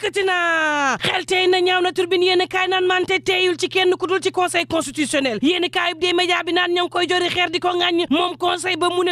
yëkkati na xel tey na ñaaw na turbine yéen kaay naan mante teeyul ci kenn ku dul ci conseil constitutionnel yéen kaay bi dee média bi naan koy jori xeer di ko ŋàññ moom conseil ba mu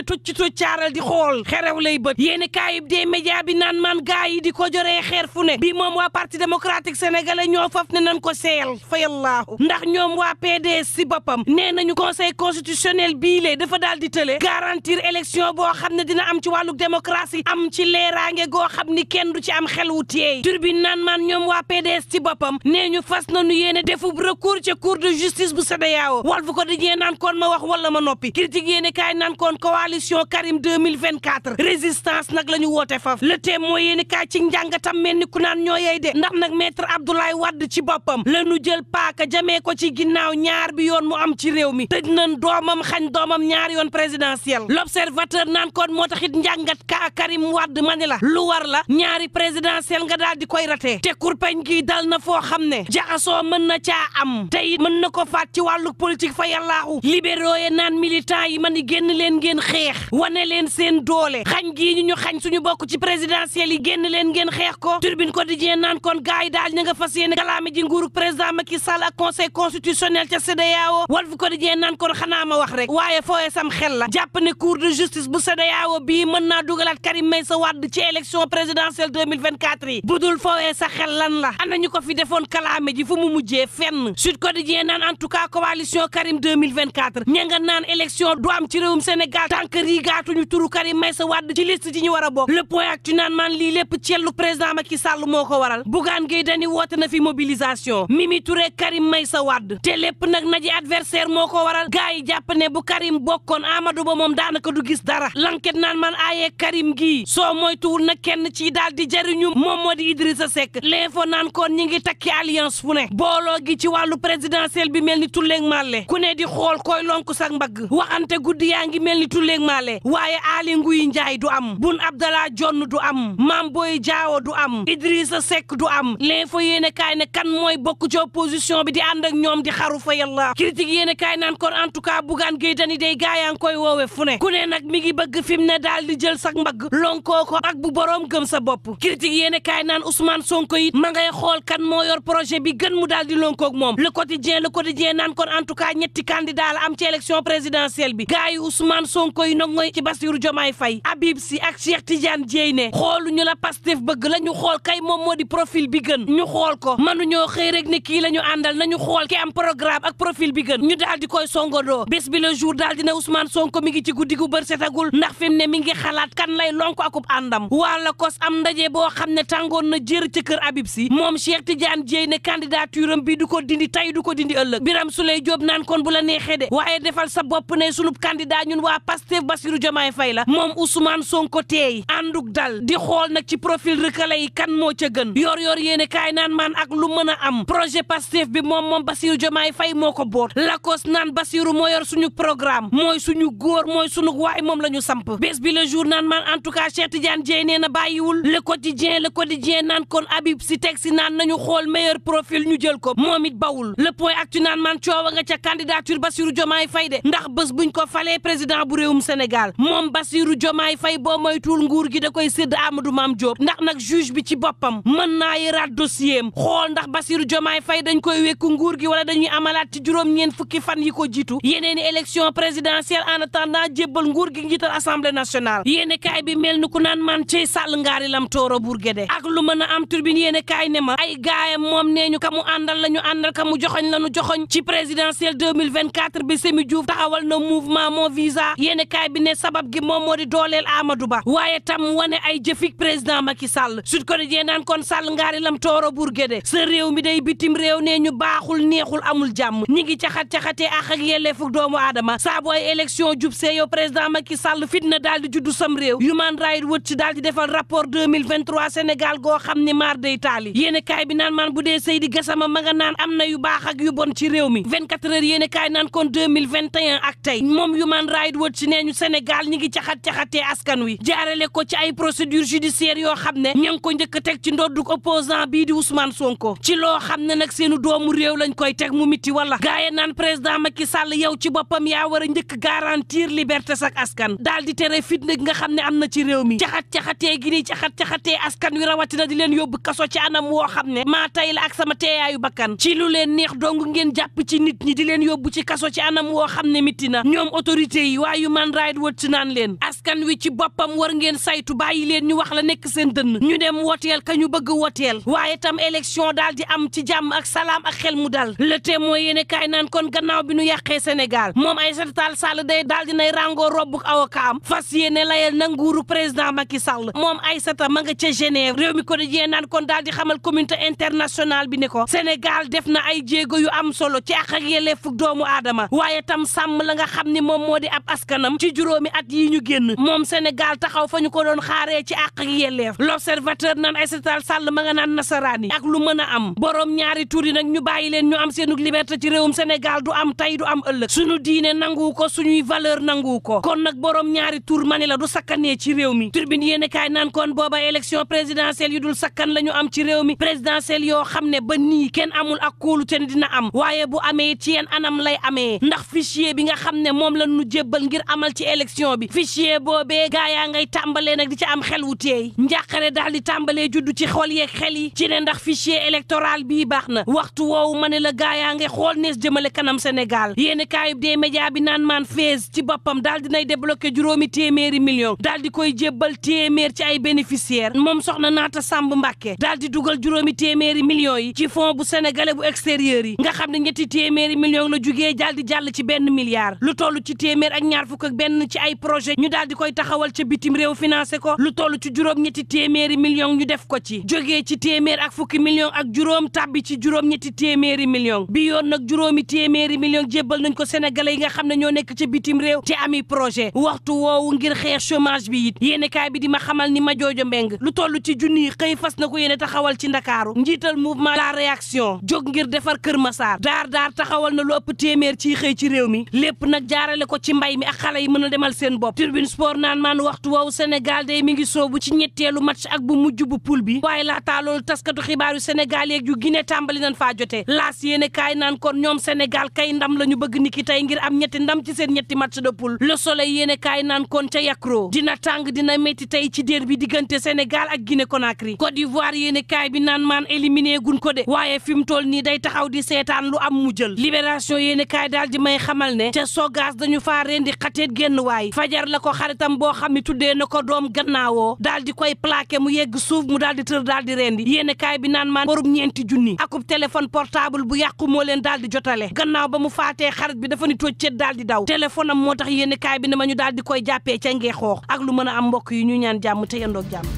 média bi naan man gaay yi di ko joree xeer fu ne bi moom waa parti démocratique sénégalais ñoo faf ne nan ko seel fayallaahu ndax ñoom waa PDS si boppam ne nañu conseil constitutionnel bi le dafa daal di tële garantir élection boo xam ne dina am ci wàllu démocratie am ci leeraange goo xam ni kenn du ci am xel wu teey naan maan ñoom waa PDS ci boppam nee ñu fas nañu yéene defub recours ca cour de justice bu CEDEAO Walf Quotidien naan koon ma wax wala ma noppi critique yéene kaay naan koon coalition Karim 2024 résistance nag la ñu woote faf le thème mooy yéene kaay ci njàngatam mel ni ku naan ñoo yey de ndax nag maître Abdoulaye Wade ci boppam la ñu jël paaka jamee ko ci ginnaaw ñaar bi yoon mu am ci réew mi tëj nañ doomam xañ doomam ñaari yoon présidentiel l'observateur naan koon moo taxit njàngat ka Karim Wade ma ni la lu war la ñaari présidentiel nga daal koy rate te kurpeñ gi dal na xam ne jaxasoo mën na caa am te it mën na ko faat ci wàllu politique fa yàllaahu libéraux yi naan militant yi man génn leen ngeen xeex wane leen seen doole xañ gii ñu ñu xañ suñu bokk ci présidentielle yi génn leen ngeen xeex ko turbine quotidien naan kon gars yi daal ña nga fas yéene kalaame ji nguuru président Macky Sall ak conseil constitutionnel ca CEDEAO Walf Quotidien naan kon xanaa ma wax rek waaye e sam xel la jàpp ne cour de justice bu CEDEAO bii mën naa dugalaat Karim Meïssa Wade ci élection présidentielle 2024 yi budul woowee sa xel lan la ana ñu ko fi defoon kalaame ji fu mu mujjee fenn Sud Quotidien naan en tout cas coalition Karim 2024 ña nga naan élection du am ci réewum Sénégal tant ñu rigaatuñu turu Karim Meïssa Wade ci liste ji ñu war a bokk le point ak ci naan maan lii lépp cellu président Macky Sall moo ko waral Bougane Gueye Dany woote na fi mobilisation Mimi Touré Karim Meïssa Wade te lépp nag naji adversaire moo ko waral gars yi jàpp ne bu Karim bokkoon Amadou Ba moom daanaka du gis dara lanket naan man aayee Karim gii soo moytuwul nag kenn ci daal di jariñu moom moo di Idrissa Idrissa Seck l'info naan koon ñi ngi takki alliance fu ne booloo gi ci wàllu présidentiel bi mel ni tulleeg màlle ku ne di xool koy lonku sa mbagg waxante guddi yaa ngi mel ni tulleeg màlle waaye Aly Ngouille Ndiaye du am Boun Abdallah Dionne du am Mame Boye Diao du am Idrissa Seck du am l'info yéene kaay ne kan mooy bokk ci opposition bi di ànd ak ñoom di xaru fa yàlla critique yéene kaay naan kon en tout cas Bougane Gueye Dany day gaayaa koy woowe fu ne ku ne nag mi ngi bëgg fi mu ne daal di jël sa mbagg lonkoo Ousmane Sonko it ma ngay xool kan moo yor projet bi gën mu daal di moom le quotidien le kon en ñetti candidat la am ci élection présidentielle bi gars yi Sonko yi nag mooy ci Bassirou Diomaye Faye Habib Sy ak Cheikh Tidiane Dièye ne xooluñu la Pastef bëgg la ñu xool kay moom moo di profil bi gën ñu xool ko mënuñoo xëy rek ne kii la ñu àndal nañu xool ki am programme ak profil bi gën ñu daal di koy songandoo bés bi le jour daal dina Ousmane Sonko mi ngi ci guddi bër setagul mi ngi xalaat kan lay lonko akub àndam wala kos am ndaje boo xam ne tàngoon téeméer ci kër Habib Sy moom Cheikh Tidiane Dièye ne candidature am bii du ko dindi tey du ko dindi ëllëg Birame Souleye Diop naan kon bu la neexee de waaye defal sa bopp ne sunub candidat ñun waa Pastef Bassirou Diomaye Faye la moom Ousmane Sonko teey ànduk dal di xool nag ci profil rëkkale yi kan moo ca gën yor yor yéene kaay naan maan ak lu mën am projet Pastef bi moom moom Bassirou Diomaye Faye moo ko boot lakos naan Bassirou moo yor suñu programme mooy suñu góor mooy suñu waay moom la ñu samp bés bi le jour naan kon Habib si teg si naan nañu xool meilleur profil ñu jël ko moom it bawul le point actu naan man coowa nga ca candidature Bassirou Diomaye fayde de ndax bés buñ ko falee président bu réewum Sénégal moom Bassirou Diomaye fay boo moytuwul nguur gi da koy sédd Amadou Mame Diop ndax nag juge bi ci boppam mën naa yëraat dossier am xool ndax Bassirou jomaay Faye dañ koy wekku nguur gi wala dañuy amalaat ci juróom-ñeent fukki fan yi ko jiitu yeneeni élection présidentielle en attendant jébbal nguur gi njiital assemblée nationale yéene bi mel ni ku naan man cey sàll ngaari lam tooro Bourguédé ak lu mën naam turbine yéen a kaay ne ma ay gaayam moom nee ñu ka mu àndal la ñu àndal ka mu joxoñ la ñu joxoñ ci présidentielle 2024 bi Semi Diouf taxawal na mouvement mon visa yéen a kaay bi ne sabab gi moom moo di dooleel Amadou Ba waaye tam wane ay jëfik président Macky Sall Sud Quotidien naan kon Sall ngaari lam tooro burgede sa réew mi day bitim réew nee ñu baaxul neexul amul jàmm ñi ngi caxat-caxatee ak ak yelleefuk doomu aadama saa booy élection jub see yow président Macky Sall fitna daal di juddu sam réew Human Rights Watch daal di defal rapport 2023 Sénégal goo xam ni maar day taali yéene kaay bi naan maan bu dee Seydi Gassama ma nga naan am na yu baax ak yu bon ci réew mi 24 heures yéene kaay naan kon 2021 ak tey moom Human Rights Watch nee ñu Sénégal ñi ngi caxat-caxatee askan wi jaarale ko ci ay procédure judiciaire yoo xam ne ña ngi ko njëkk a teg ci ndodduk opposant bii di Ousmane Sonko ci loo xam ne nag seenu doomu réew lañ koy teg mu miti wala gaaye naan président Macky Sall yow ci boppam yaa war a njëkk garantir liberté sak askan daal di tere fitna gi nga xam ne am na ci réew mi caxat-caxatee gi ni caxat-caxatee askan wi rawatina di leen yóbbu kaso ci anam woo xam ne maa tay la ak sama teeyaayu bakkan ci lu leen neex dong ngeen jàpp ci nit ñi di leen yóbbu ci kaso ci anam woo xam ne mitti na ñoom autorité yi waa Human Rights Watch naan leen askan wi ci boppam war ngeen saytu bàyyi leen ñu wax la nekk seen dënn ñu dem wooteel ka ñu bëgg wooteel waaye tam élection daal di am ci jàmm ak salaam ak xel mu dal le témoin yéene kaay naan kon gannaaw bi nu yàqee Sénégal moom Aïssata Tall Sall day daal na nguuru président Macky Sall moom Aïssata ma nga ca Genève réew naan kon daal di xamal communauté international bi ne ko Sénégal def na ay jéego yu am solo ci àq ak yelleefu doomu aadama waaye tam sàmm la nga xam ni moom moo di ab askanam ci juróomi at yi ñu génn moom Sénégal taxaw fa ñu ko doon xaaree ci àq ak yelleef l'observateur nan Aïssata Tall Sall ma nga naan nasaraan yi ak lu mën a am borom ñaari tur yi nag ñu bàyyi leen ñu am seenu liberté ci réewum Sénégal du am tey du am ëllëg suñu diine nangu ko suñuy valeur nangu ko kon nag borom ñaari tur mani la du sakkanee ci réew mi turbine yéen kaay naan kon booba élection présidentielle yu dul sakk kan la ñu am ci réew mi présidentielle yoo xam ne ba nii kenn amul ak kóolute dina am waaye bu amee ci yen anam lay amee ndax fichier bi nga xam ne moom la ñu jébbal ngir amal ci élection bi fichier boobee gaa yaa ngay tàmbalee nag di ci am xel wu teey njàqare daal di tàmbalee juddu ci xool yeeg xel yi ci ne ndax fichier électoral bii baax na waxtu woowu ma ne la gaa yaa ngay xool nees jëmale kanam Sénégal yéen kaayub dee média bi naan maan fees ci boppam daal dinay débloqué juróomi téeméeri million daal di koy jébbal téeméer ci ay bénéficiaires moom soxna Mbàkke daal dugal juróomi téeméeri millions yi ci fonds bu sénégalais bu extérieur yi nga xam ne ñetti téeméeri millions la jugee daal di jàll ci benn milliard lu toll ci téeméer ak ñaar fukk ak benn ci ay projet ñu daal di koy taxawal ci bitim réew financé ko lu toll ci juróom ñetti téeméeri millions ñu def ko ci jógee ci téeméer ak fukki millions ak juróom tàbbi ci juróom ñetti téeméeri millions bi yoon nag juróomi téeméeri millions jébbal nañ ko sénégalais yi nga xam ne ñoo nekk ca bitim réew te ami projet waxtu woowu ngir xeex chômage bi it yéenekaay bi di ma xamal ni ma joojo mbeng fas na ko yéene taxawal ci ndakaaru njiital mouvement la réaction jóg ngir defar Kër Massar daar daar taxawal na lu téeméer ciy xëy ci réew mi lépp nag jaarale ko ci mbay mi ak yi mën a demal seen bopp Tribune Sport naan maan waxtu woowu Sénégal mi ngi soobu ci ñetteelu match ak bu mujj bu poule bi waaye laataa loolu taskatu xibaar yu Sénégal yeeg tàmbali nañ faa jotee laas yéene kaay naan kon ñoom Sénégal kay ndam la ñu bëgg niki tey ngir am ñetti ndam ci seen ñetti match de poule Le Soleil yéene kaay naan kon ca Yakroo dina tàng dina métti tey ci déer bi diggante Sénégal ak Guinée Conakry d'Ivoire yéene kaay bi naan maan éliminé gun ko de waaye fi mu toll nii day taxaw di seetaan lu am mu jël libération yéene kaay daal di may xamal ne ca sogaas dañu faa rendi xate génn waay fajar la ko xaritam boo xam ne tuddee na ko doom gannaawoo daal di koy plaqué mu yegg suuf mu daal di tër daal di rendi yéene kaay bi naan maan borom ñeenti junni akub téléphone portable bu yàqu moo leen daal di jotale gannaaw ba mu faatee xarit bi dafa ni toccet daal di daw téléphone moo tax yéene bi ne ma ñu daal di koy jàppee ca ngee xoox ak lu mën a am mbokk yi ñu ñaan jàmm te yandoog jàmm